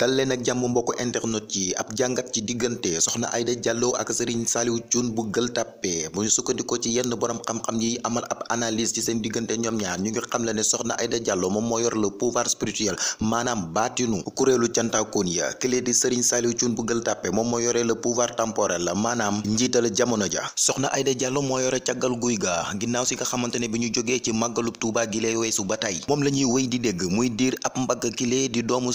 dal leen ak jàmm mbokk internet yi ab jàngat ci diggante soxna Aida Diallo ak Serigne Saliou Thioune bu gël Tapée bu ñu sukkandikoo ci yenn borom xam-xam yi amal ab analise ci seen diggante ñoom ñaar ñu ngi xam la ne soxna Aida Diallo moom moo yor le pouvoir spirituel maanaam baatinu kuréelu cantaakoon ya kilée di Serigne Saliou Thioune bu Gueule Tapée moom moo yore le pouvoir temporel maanaam njiital jamono ja soxna Aida Diallo moo yore caggal guy ga ginnaaw si nga xamante ne bi ñu jógee ci màggalub Tuubaa gi lay weesu ba tey moom la ñuy wéy di dégg muy diir ab mbagg kilée di doomu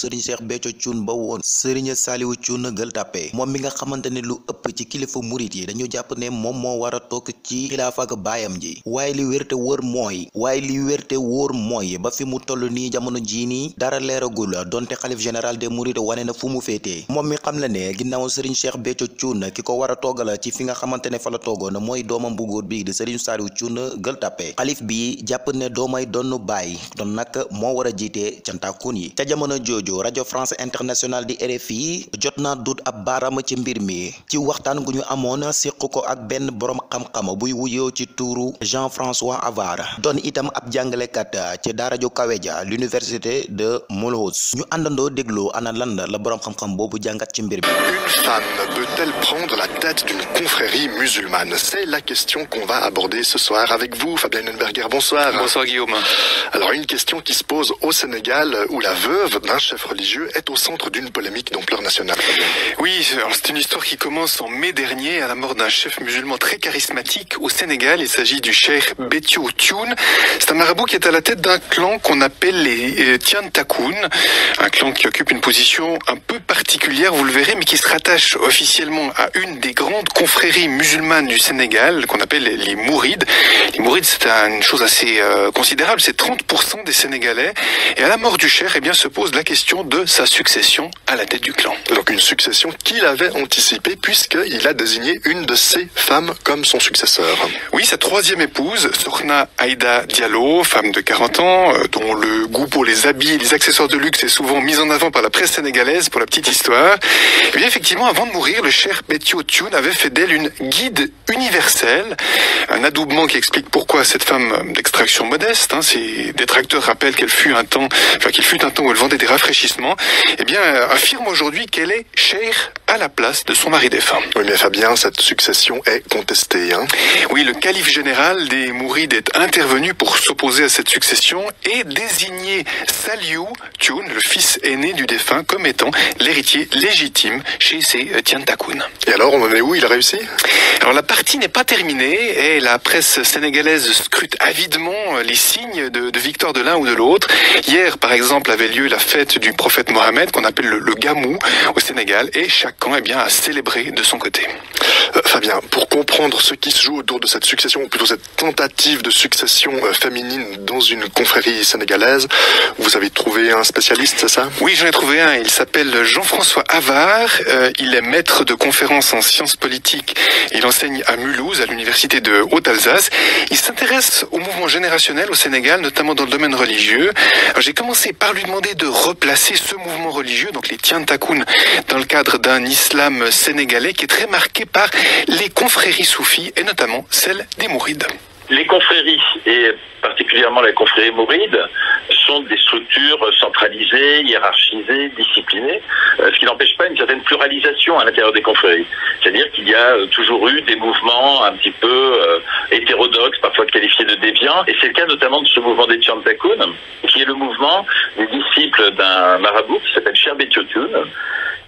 jëwriñ ba woon sëriñ Saaliwu Cuun Gueule Tapée moom mi nga xamante ne lu ëpp ci kilifa murit yi dañu jàpp ne moom moo war a toog ci xilaafa ak baayam ji waaye li wérte wóor mooy waaye li wérte wóor mooy ba fi mu toll nii jamono jii nii dara leeragul donte xalif général de mourides wane na fu mu féetee moom mi xam la ne ginnaaw sëriñ Cheikh Béthio Thioune ki ko war a toogal ci fi nga xamante ne fa la toogoon mooy doomam bu góor bii di sëriñ Saaliwu Cuun Gueule Tapée xalif bi jàpp ne doomay donn baay doon nag moo a international di RFI jot na dut ab baaraama ci mbir mi ci waxtaan gu ñu amoon séq ko ak benn borom xam-xam buy wuyoo ci tuuru Jean-François Havard doon itam ab jàngalekat ci daara ju kawe ja l'université de Mulhouse ñu àndandoo déglu ana lan la borom xam-xam boobu jàngat ci mbir mi. Une femme peut-elle prendre la tête d'une confrérie musulmane? C'est la question qu'on va aborder ce soir avec vous, Fabien Nenberger. Bonsoir. Guillaume. Alors une question qui se centre d'une polémique d'ampleur nationale. Oui, c'est une histoire qui commence en mai dernier à la mort d'un chef musulman très charismatique au Sénégal. Il s'agit du cheikh Betio Thioun. C'est un marabout qui est à la tête d'un clan qu'on appelle les euh, Tiantakoun, un clan qui occupe une position un peu particulière, vous le verrez, mais qui se rattache officiellement à une des grandes confréries musulmanes du Sénégal, qu'on appelle les Mourides. Les Mourides, c'est succession à la tête du clan. Donc une succession qu'il avait anticipée puisqu'il a désigné une de ses femmes comme son successeur. Oui, sa troisième épouse, Sorna Aïda Diallo, femme de 40 ans, euh, dont le goût pour les habits et les accessoires de luxe est souvent mis en avant par la presse sénégalaise pour la petite histoire. Et eh bien effectivement, avant de mourir, le cher Betty O'Tune avait fait d'elle une guide universelle, un adoubement qui explique pourquoi cette femme d'extraction modeste, hein, détracteurs bien, euh, affirme aujourd'hui qu'elle est chère à la place de son mari défunt. Oui, mais Fabien, cette succession est contestée. oui, le calife général des Mourides est intervenu pour s'opposer à cette succession et désigner Saliou Thioun, le fils aîné du défunt, comme étant l'héritier légitime chez ses euh, Tiantakoun. Et alors, on en où Il a réussi Alors, la partie n'est pas terminée et la presse sénégalaise scrute avidement euh, les signes de, victoire de l'un ou de l'autre. appelle le, le gamou au Sénégal et chaque camp eh bien, a célébré de son côté. Euh, Fabien, pour comprendre ce qui se joue autour de cette succession, ou plutôt cette tentative de succession euh, féminine dans une confrérie sénégalaise, vous avez trouvé un spécialiste, c'est ça Oui, j'en ai trouvé un. Jean-François Havard. Euh, il est maître de conférences en sciences politiques. Il enseigne à Mulhouse, à l'université de Haute-Alsace. Il s'intéresse au mouvement générationnel au Sénégal, religieux, donc les Tiantakoun, dans le cadre d'un islam sénégalais qui est très marqué par les confréries soufis et notamment celle des Mourides. Les confréries, et particulièrement la confrérie mouride, sont des structures centralisées, hiérarchisées, disciplinées, euh, ce qui n'empêche pas une certaine pluralisation à l'intérieur des confréries. C'est-à-dire qu'il y a euh, toujours eu des mouvements un petit peu euh, hétérodoxes, parfois qualifiés de déviants, et c'est le cas notamment de ce mouvement des qui est le mouvement des disciples d'un marabout qui s'appelle Sherbetiotun,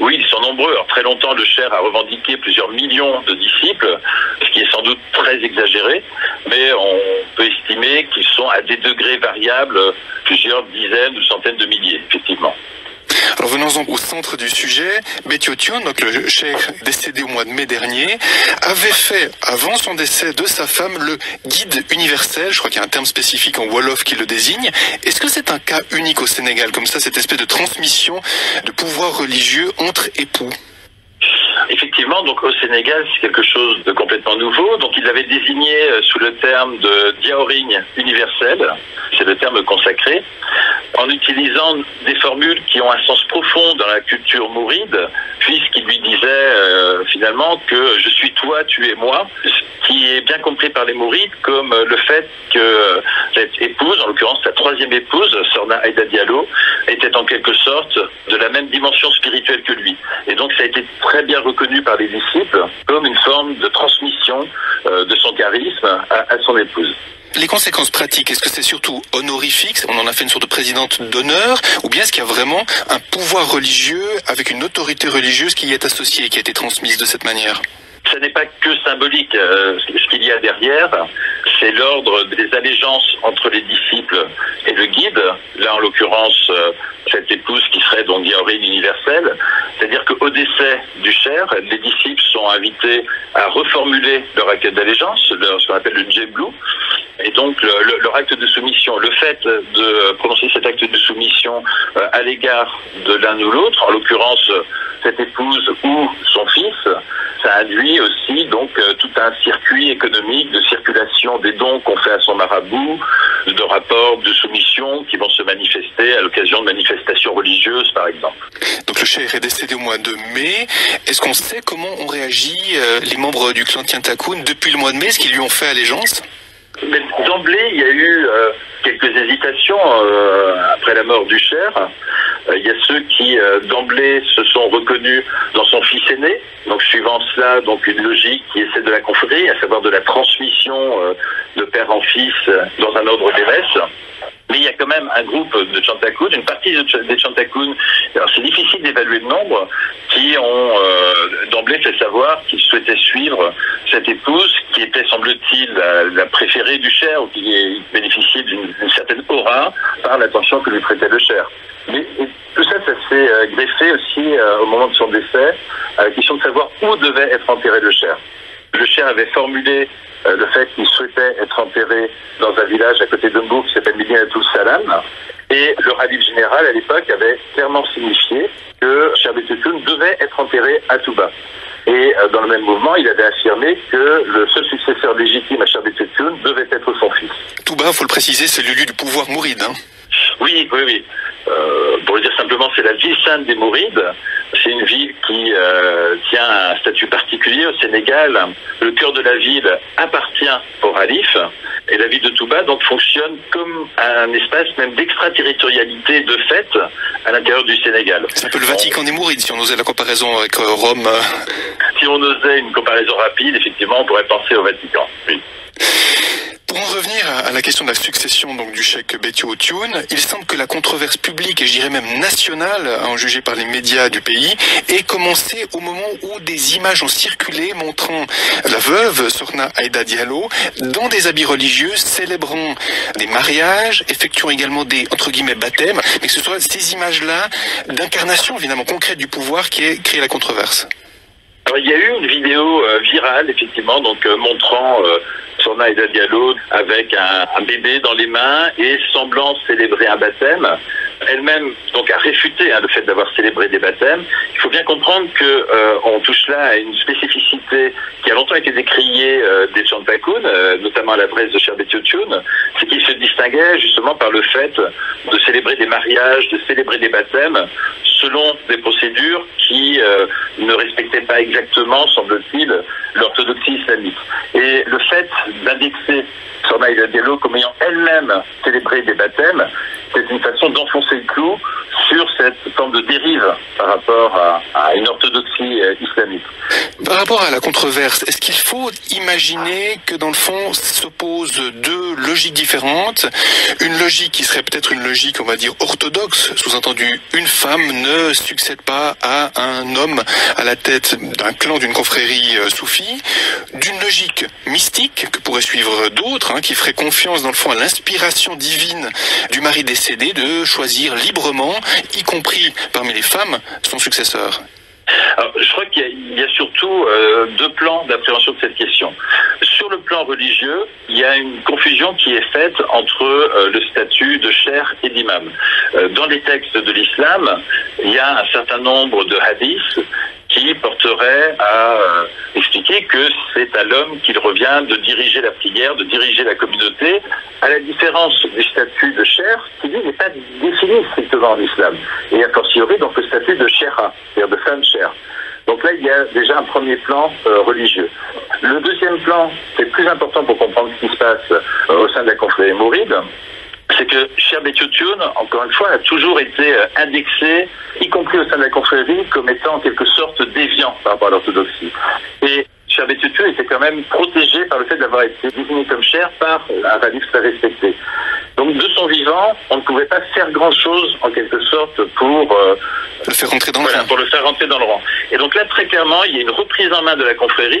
Oui, ils sont nombreux. Alors, très longtemps, le Cher a revendiqué plusieurs millions de disciples, ce qui est sans doute très exagéré, mais on peut estimer qu'ils sont à des degrés variables, plusieurs dizaines ou centaines de milliers, effectivement. Revenons-en au centre du sujet. Betiotion, donc le cheikh décédé au mois de mai dernier, avait fait, avant son décès de sa femme, le guide universel. Je crois qu'il y a un terme spécifique en Wolof qui le désigne. Est-ce que c'est un cas unique au Sénégal, comme ça, cette espèce de transmission de pouvoir religieux entre époux effectivement, donc au Sénégal, c'est quelque chose de complètement nouveau. Donc il l'avait désigné euh, sous le terme de diaoring universel, c'est le terme consacré, en utilisant des formules qui ont un sens profond dans la culture mouride, puisqu'il lui disait euh, finalement que je suis toi, tu es moi, ce qui est bien compris par les mourides comme euh, le fait que euh, cette épouse, en l'occurrence sa troisième épouse, Sorna Aïda Diallo, était en quelque sorte de la même dimension spirituelle que lui. Et reconnue par les disciples comme une forme de transmission euh, de son charisme à, à son épouse. Les conséquences pratiques, est-ce que c'est surtout honorifique On en a fait une sorte de présidente d'honneur Ou bien est-ce qu'il y a vraiment un pouvoir religieux avec une autorité religieuse qui y est associée, qui a été transmise de cette manière ce n'est pas que symbolique. Euh, ce qu'il y a derrière, c'est l'ordre des allégeances entre les disciples et le guide. Là, en l'occurrence, euh, cette épouse qui serait donc Diaorine universelle. C'est-à-dire qu'au décès du Cher, les disciples sont invités à reformuler leur acte d'allégeance, ce qu'on appelle le Jeblu, donc le, le, leur acte de soumission, le fait de prononcer cet acte de soumission euh, à l'égard de l'un ou l'autre, en l'occurrence cette épouse ou son fils, ça aussi donc euh, tout un circuit économique de circulation des dons qu'on fait à son marabout, de rapports de soumission qui vont se manifester à l'occasion de manifestations religieuses par exemple. Donc le chef est décédé au mois de mai. Est-ce qu'on sait comment ont réagi euh, les membres du clan Tiantakun depuis D'emblée, il y a eu euh, quelques hésitations euh, après la mort du Cher. Euh, il y a ceux qui, euh, d'emblée, se sont reconnus dans son fils aîné, donc suivant cela, donc une logique qui est celle de la confrérie, à savoir de la transmission euh, de père en fils euh, dans un ordre d'évêque. mais il y a quand même un groupe de Chantacoon, une partie des Chantacoon, c'est difficile d'évaluer le nombre, qui ont euh, d'emblée savoir qu'ils souhaitaient suivre cette épouse qui était, semble-t-il, la, la, préférée du Cher ou qui bénéficiait d'une certaine aura par l'attention que lui prêtait le Cher. Mais tout ça, ça s'est euh, aussi euh, au moment de son décès à euh, la question savoir où devait être enterré le Cher. anciens avaient formulé euh, le fait qu'ils souhaitaient être enterrés dans un village à côté de Mbourg qui s'appelle Atul Salam. Et le radif général, à l'époque, avait clairement signifié que Sherbet devait être enterré à Touba. Et euh, dans le même mouvement, il avait affirmé que le seul successeur légitime à Sherbet devait être son fils. Touba, il faut le préciser, c'est le du pouvoir mouride. oui. euh, pour le dire simplement, c'est la ville sainte des Mourides. C'est une ville qui euh, tient un statut particulier au Sénégal. Le cœur de la ville appartient au Ralif et la ville de Touba donc fonctionne comme un espace même d'extraterritorialité de fait à l'intérieur du Sénégal. C'est un peu le Vatican des Mourides si on osait la comparaison avec euh, Rome. Euh. Si on osait une comparaison rapide, effectivement, on pourrait penser au Vatican. Pour en revenir à la question de la succession donc du chèque Betty O'Tune, il semble que la controverse publique et je dirais même nationale, en juger par les médias du pays, ait commencé au moment où des images ont circulé montrant la veuve Sorna Aïda Diallo dans des habits religieux célébrant des mariages, effectuant également des entre guillemets baptêmes, mais que ce soit ces images-là d'incarnation évidemment concrète du pouvoir qui ait créé la controverse. il y a eu une vidéo euh, virale, effectivement, donc euh, montrant euh, Sornaïda Diallo avec un, bébé dans les mains et semblant célébrer un baptême. Elle-même donc a réfuté le fait d'avoir célébré des baptêmes. Il faut bien comprendre que euh, on touche là à une spécificité qui a longtemps été décriée euh, des gens notamment à la presse de Cherbetiotune, c'est qu'ils se distinguaient justement par le fait de célébrer des mariages, de célébrer des baptêmes exactement, semble-t-il, l'orthodoxie islamique. Et le fait d'indexer Sornaï Diallo comme ayant elle-même célébré des baptêmes, c'est une façon d'enfoncer le clou sur cette forme de dérive par rapport à, à une orthodoxie euh, islamique. Par rapport à la controverse, est-ce qu'il faut imaginer que dans le fond s'opposent deux logiques différentes Une logique qui serait peut-être une logique, on va dire, orthodoxe, sous-entendu, une femme ne succède pas à un homme à la tête d'un clan, d'une confrérie euh, soufie, d'une logique mystique que pourraient suivre d'autres, qui ferait confiance dans le fond à l'inspiration divine du de y compris parmi les femmes, son successeur je crois qu'il y, y, a surtout euh, deux plans d'appréhension de cette question. Sur le plan religieux, il y a une confusion qui est faite entre euh, le statut de cher et d'imam. Euh, dans les textes de l'islam, il y a un certain nombre de hadiths qui porterait à euh, expliquer que c'est à l'homme qu'il revient de diriger la prière, de diriger la communauté, à la différence du statut de cher, qui lui n'est pas défini strictement en islam, et a fortiori donc le statut de shera, de femme chère. Donc là, il y a déjà un premier plan euh, religieux. Le deuxième plan, c'est plus important pour comprendre ce qui se passe euh, au sein de la confrérie c'est que Cher Tune, encore une fois, a toujours été euh, indexé, y compris au sein de la confrérie, comme étant en quelque sorte déviant par rapport à l'orthodoxie. Et Cher Tune était quand même protégé par le fait d'avoir été désigné comme Cher par un radix très respecté. Donc de son vivant, on ne pouvait pas faire grand-chose, en quelque sorte, euh, pour, le faire rentrer dans le rang. Et donc là, très clairement, il y a une reprise en main de la confrérie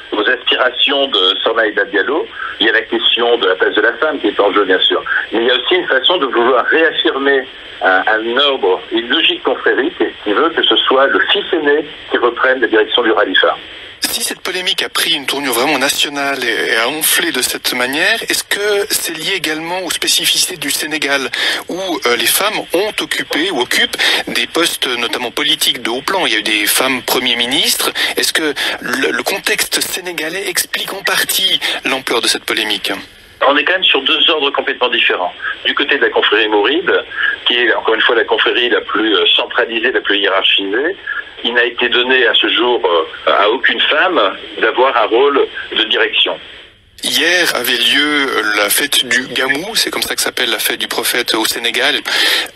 vos aspirations de Sornaïda Diallo, il y a la question de la place de la femme qui est en jeu, bien sûr. Mais il y a aussi une façon de vouloir réaffirmer un, un ordre, une logique confrérie qui veut que ce soit le fils aîné qui reprenne la direction du rallyfard. Si cette polémique a pris une tournure vraiment nationale et a enflé de cette manière, est-ce que c'est lié également aux spécificités du Sénégal, où euh, les femmes ont occupé ou occupent des postes notamment politiques de haut plan Il y a eu des femmes premiers ministres. Est-ce que le contexte sénégalais explique en partie l'ampleur de cette polémique on est quand même sur deux ordres complètement différents. Du côté de la confrérie Mouride, qui il n'a été donné à ce jour euh, à aucune femme d'avoir un rôle de direction. Hier avait lieu la fête du Gamou, c'est comme ça que s'appelle la fête du prophète au Sénégal.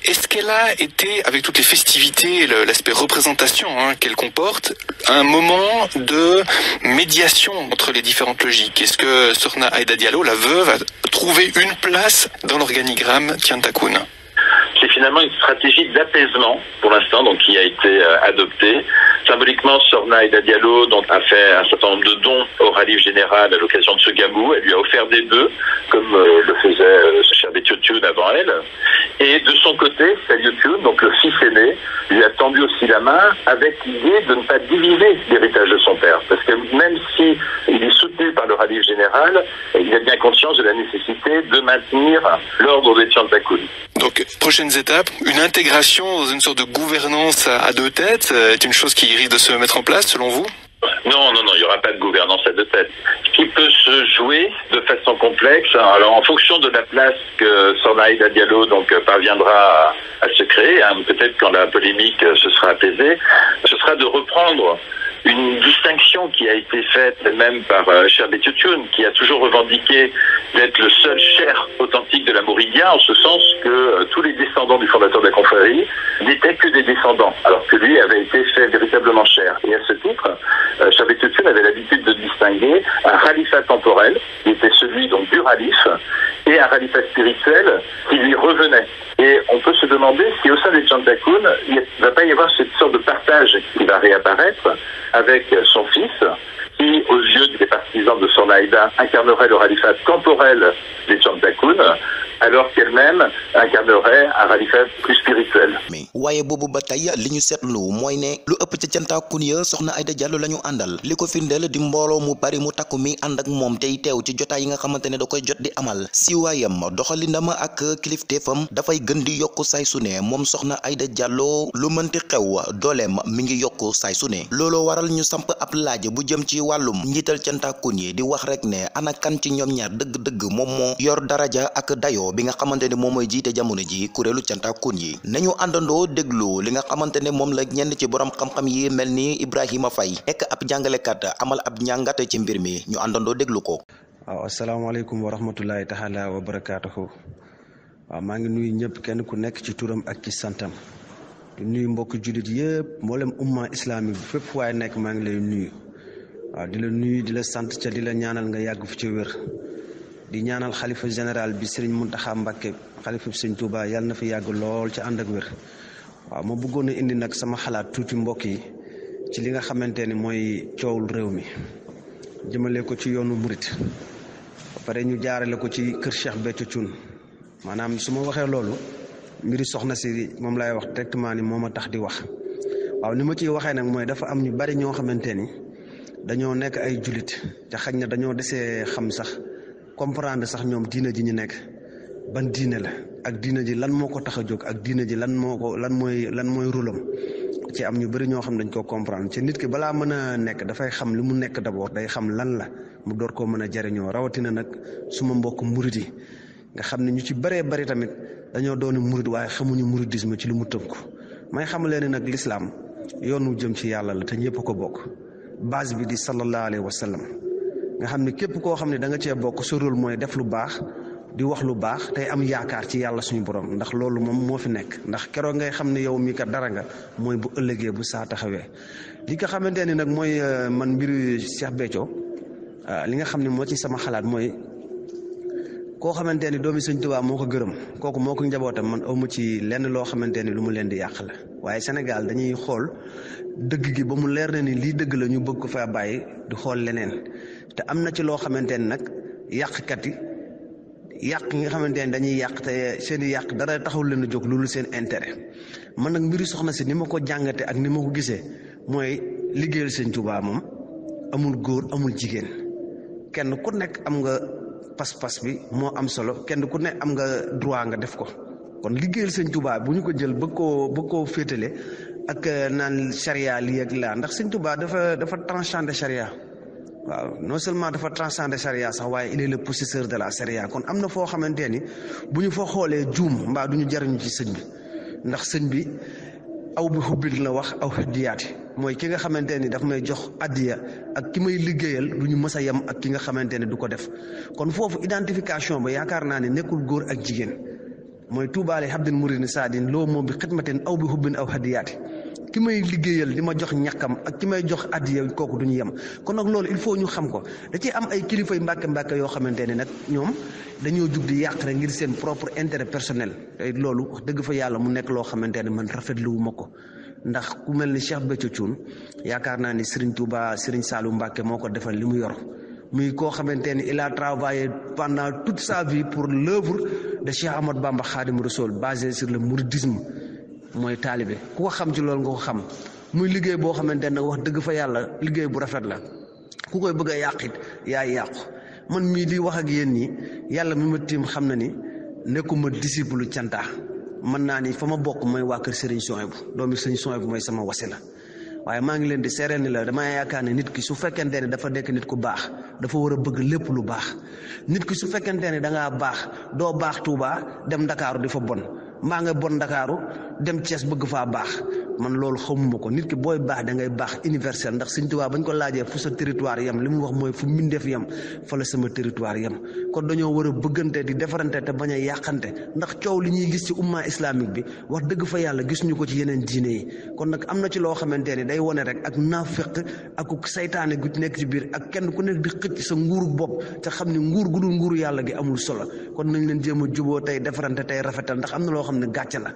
Est-ce qu'elle a été, avec toutes les festivités, l'aspect représentation hein, qu'elle comporte, un moment de médiation entre les différentes logiques Sorna Aïda Diallo, la veuve, a trouvé une place dans l'organigramme Tiantakoun finalement une stratégie d'apaisement pour l'instant, donc qui a été euh, adoptée Symboliquement, Sœur Naïda Diallo donc, a fait un certain nombre de dons au Ralif Général à l'occasion de ce gamou. Elle lui a offert des bœufs, comme euh, le faisait euh, ce cher Bétiotune avant elle. Et de son côté, Saliotiun, donc le fils aîné, lui a tendu aussi la main avec l'idée de ne pas diviser l'héritage de son père. Parce que même si il est soutenu par le Ralif Général, il a bien conscience de la nécessité de maintenir l'ordre de gouvernance qui de se mettre en place, selon vous non, non, non, il n'y aura pas de gouvernance à deux têtes. qui peut se jouer de façon complexe, alors en fonction de la place que Sornaïda Diallo donc, parviendra à, se créer, peut-être quand la polémique se sera apaisée, ce sera de reprendre une distinction qui a été faite même par euh, qui a toujours revendiqué d'être le seul cher authentique de la Mouridia, en ce sens que euh, tous les descendants du fondateur de la confrérie n'étaient que des descendants, alors que lui avait été fait véritablement cher. Et à ce titre, euh, Charbet avait l'habitude de distinguer un ralifat temporel, qui était celui donc du ralif, et un ralifat spirituel qui lui revenait. demander si au sein des Chantakun, il ne va pas y avoir cette sorte de partage qui va réapparaître avec euh, son fils, qui, aux yeux des partisans de Son Aïda, incarnerait le califat temporel des Chantakun, alors waaye boobu ba tey li ñu seetlu mooy ne lu ëpp ca cantaakun ya soxna Aïda Diallo la àndal li ko firndeel di mbooloo mu bari mu takku mi ànd ak moom tey teew ci jotaay yi nga xamante ne da koy jot di amal siiwaayam doxalindam ak kilifteefam dafay gën di yokk saysu ne moom soxna Aïda Diallo lu mënti xew dooleem mi ngi yokk saysu ne looloo waral ñu samp ab laaj bu jëm ci wàllum njiital cantaakun yi di wax rek ne ana kan ci ñoom ñaar dëgg-dëgg moom moo yor bi nga xamante ne moom mooy jiite jamono ji kuréelu cantakun yi nañu àndandoo déglu li nga xamante ne moom la ñenn ci borom xam-xam yi mel ni Ibrahima Faye nekk ab njàngalekat amal ab njàngat ci mbir mi ñu àndandoo déglu ko. waaw asalaamaaleykum wa rahmatulahi taala wa barakaatuhu waaw maa ngi nuyu ñëpp kenn ku nekk ci turam ak ci santam di nuyu mbokk jullit yëpp moo umma islamique bi fépp waaye nekk maa ngi lay nuyu waaw di la nuyu di la sant ca di la ñaanal nga yàgg fu ci wér di ñaanal xalifa général bi sëriñ Muntaxa Mbàkke xalifa bi sëriñ Tuuba yàlla na fi yàgg lool ci ànd ak wér waaw ma bëggoon a indi nag sama xalaat tuuti mbokk yi ci li nga xamante ni mooy coowul réew mi jëmale ko ci yoonu murit pare ñu jaarale ko ci kër Cheikh Béthio maanaam su ma waxee loolu mbiri soxna si moom laay wax directement ni moo ma tax di wax waaw ni ma ciy waxee nag mooy dafa am ñu bari ñoo xamante ni dañoo nekk ay jullit ca xaj na dañoo desee xam sax comprendre sax ñoom diina ji ñu nekk ban diine la ak diina ji lan moo ko tax a jóg ak diina ji lan moo ko lan mooy lan mooy rôlam ci am ñu bëri ñoo xam dañ koo comprendre ci nit ki balaa mën a nekk dafay xam li mu nekk d'abord day xam lan la mu door koo mën a jariñoo rawatina nag suma mbokk murit yi nga xam ne ñu ci bëree bëri tamit dañoo doon murit waaye xamuñu muridisme ci li mu ko may xam leen ne nag lislaam yoonu jëm ci yàlla la te ñëpp ko bokk base bi di sallallahu alayhi wa sallam nga xam ne képp koo xam ne da nga cee bokk sorul mooy def lu baax di wax lu baax tey am yaakaar ci yàlla suñu boroom ndax loolu moom moo fi nekk ndax keroog ngay xam ne yow mii kat dara nga mooy bu ëllëgee bu saa taxawee. li nga xamante ne nag mooy euh, man mbiru Cheikh Béthio euh, li nga xam ne moo ci sama xalaat mooy koo xamante ne doomi Sëñ Tuubaa moo ko gërëm kooku moo ko njabootam man amu ci lenn loo xamante ne lu mu leen di yàq la waaye Sénégal dañuy xool dëgg gi ba mu leer na ni lii dëgg la ñu bëgg ko faa bàyyi di xool leneen te am na ci loo xamante ne nag yàqkat yi yàq nga xamante ne dañuy yàq te seen i yàq dara taxul leen a jóg loolu seen intérêt man nag mbiru soxna si ni ma ko jàngate ak ni ma ko gisee mooy liggéeyal seen Tuubaa moom amul góor amul jigéen kenn ku nekk am nga pas-pas bi moo am solo kenn ku nekk am nga droit nga def ko kon liggéeyal sëñ Touba bu ñu ko jël bëgg koo bëgg koo féetale ak euh, naan charia lii ak laa ndax sëñ Touba dafa dafa transcender charia waaw non seulement dafa transcender charia sax waaye il est possesseur de la charia kon am na foo xamante ni bu ñu fa xoolee juum mbaa du ñu jariñu ci sëñ bi ndax sëñ bi aw bi xubbil la wax aw xëddiyaati mooy ki nga xamante ni daf may jox addiya ak ki may liggéeyal du ñu mës a yem ak ki nga xamante ne du ko def kon foofu identification ba yaakaar naa ne nekkul góor ak jigéen. mooy tuubaale habdin muridin saadin loo moom bi xidmatin aw bi hubbin aw hadiyaati ki may liggéeyal di ma jox ñàkkam ak ki may jox addiya kooku du ñu yem kon nag loolu il faut ñu xam ko da ci am ay kilifay mbàkke mbàkke yoo xamante ne nag ñoom dañoo jug di yàq rek ngir seen propre intérêt personnel loolu dëgg fa yàlla mu nekk loo xamante ne man rafetluwu ma ko ndax ku mel ni Cheikh Béthio Thioune yaakaar naa ni Serigne Touba Serigne saalu Mbacke moo ko defal li mu yor muy koo xamante ne il a travaillé pendant toute sa vie pour l'œuvre de Cheikh Ahmad Bamba Khadim Rassoul basé sur le mouridisme mooy taalibe ku ko xam ci lool nga ko xam muy liggéey boo xamante ne wax dëgg fa yàlla liggéey bu rafet la ku koy bëgg a yàq it yàqu man mii di wax ak yéen nii yàlla mi ma tiim xam na ni nekkuma disciple cantaa man naa ni fa ma bokk mooy waa kër Serigne Souhaïbou doomi Serigne Souhaïbou mooy sama wasila la waaye maa ngi leen di seereel ni la dama yaakaar ne nit ki su fekkente ne dafa nekk nit ku baax dafa war a bëgg lépp lu baax nit ki su fekkente ne da ngaa baax doo baax Tuuba dem Ndakaaru di fa bon maa ngi bon Ndakaaru dem Cees bëgg faa baax man loolu xamuma ko nit ki booy baax da ngay baax universel ndax Sëñ Tuubaa bañ ko laajee fu sa territoire yem li mu wax mooy fu mbindeef yem fa la sama territoire yem kon dañoo war a bëggante di defarante te bañ a yàqante ndax coow li ñuy gis ci umma islamique bi wax dëgg fa yàlla gis ñu ko ci yeneen diine yi kon nag am na ci loo xamante ni day wone rek ak naafiq ak saytaane gu nekk ci biir ak kenn ku nekk di sa nguuru bopp te xam ne nguur gu nguur yàlla gi amul solo kon nañ leen jéem a juboo tey defarante tey rafetal ndax am na loo xam ne gàcce la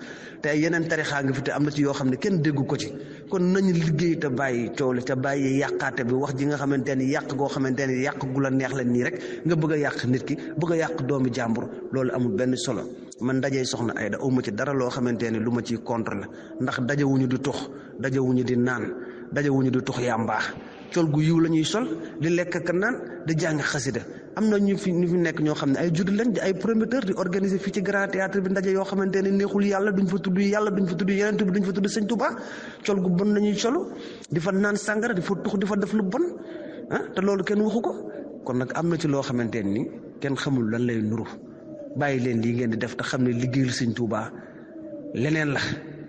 kenn dégg ko ci kon nañu liggéey te bàyyi coow la te bàyyi yàqaate bi wax ji nga xamante ni yàq goo xamante ni yàq gu la neex la nii rek nga bëgg a yàq nit ki bëgg a yàq doomi jàmbur loolu amul benn solo man dajee soxna Ayda awma ci dara loo xamante ni lu ma ciy contre la ndax dajewuñu di tux dajewuñu di naan dajewuñu di tux yàmbaa col gu yiw la ñuy sol di lekk ak naan di jàng xasida am na ñu fi ñu fi nekk ñoo xam ne ay juddu lañ di ay promoteur di organiser fii ci grand théâtre bi ndaje yoo xamante ne neexul yàlla duñ fa tudd yàlla duñ fa tudd yeneen bi duñ fa tudd sëñ Tuubaa col gu bon la ñuy solu di fa naan sàngara di fa tux di fa def lu bon ah te loolu kenn waxu ko kon nag am na ci loo xamante nii kenn xamul lan lay nuru bàyyi leen lii ngeen di def te xam ne liggéeyal sëñ leneen la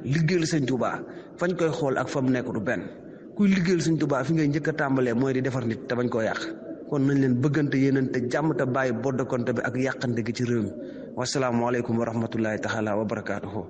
liggéeyal sëñ Tuubaa fañ koy xool ak fa mu nekk du benn. kuy liggéeyal suñ tubaa fi ngay njëkk a tàmbalee mooy di defar nit te bañ koo yàq kon nañ leen bëggante yéenante jàmm te bàyyi boddakonte bi ak yàqante gi ci réew mi wasalaamualeykum wa rahmatullahi taala wa barakaatuhu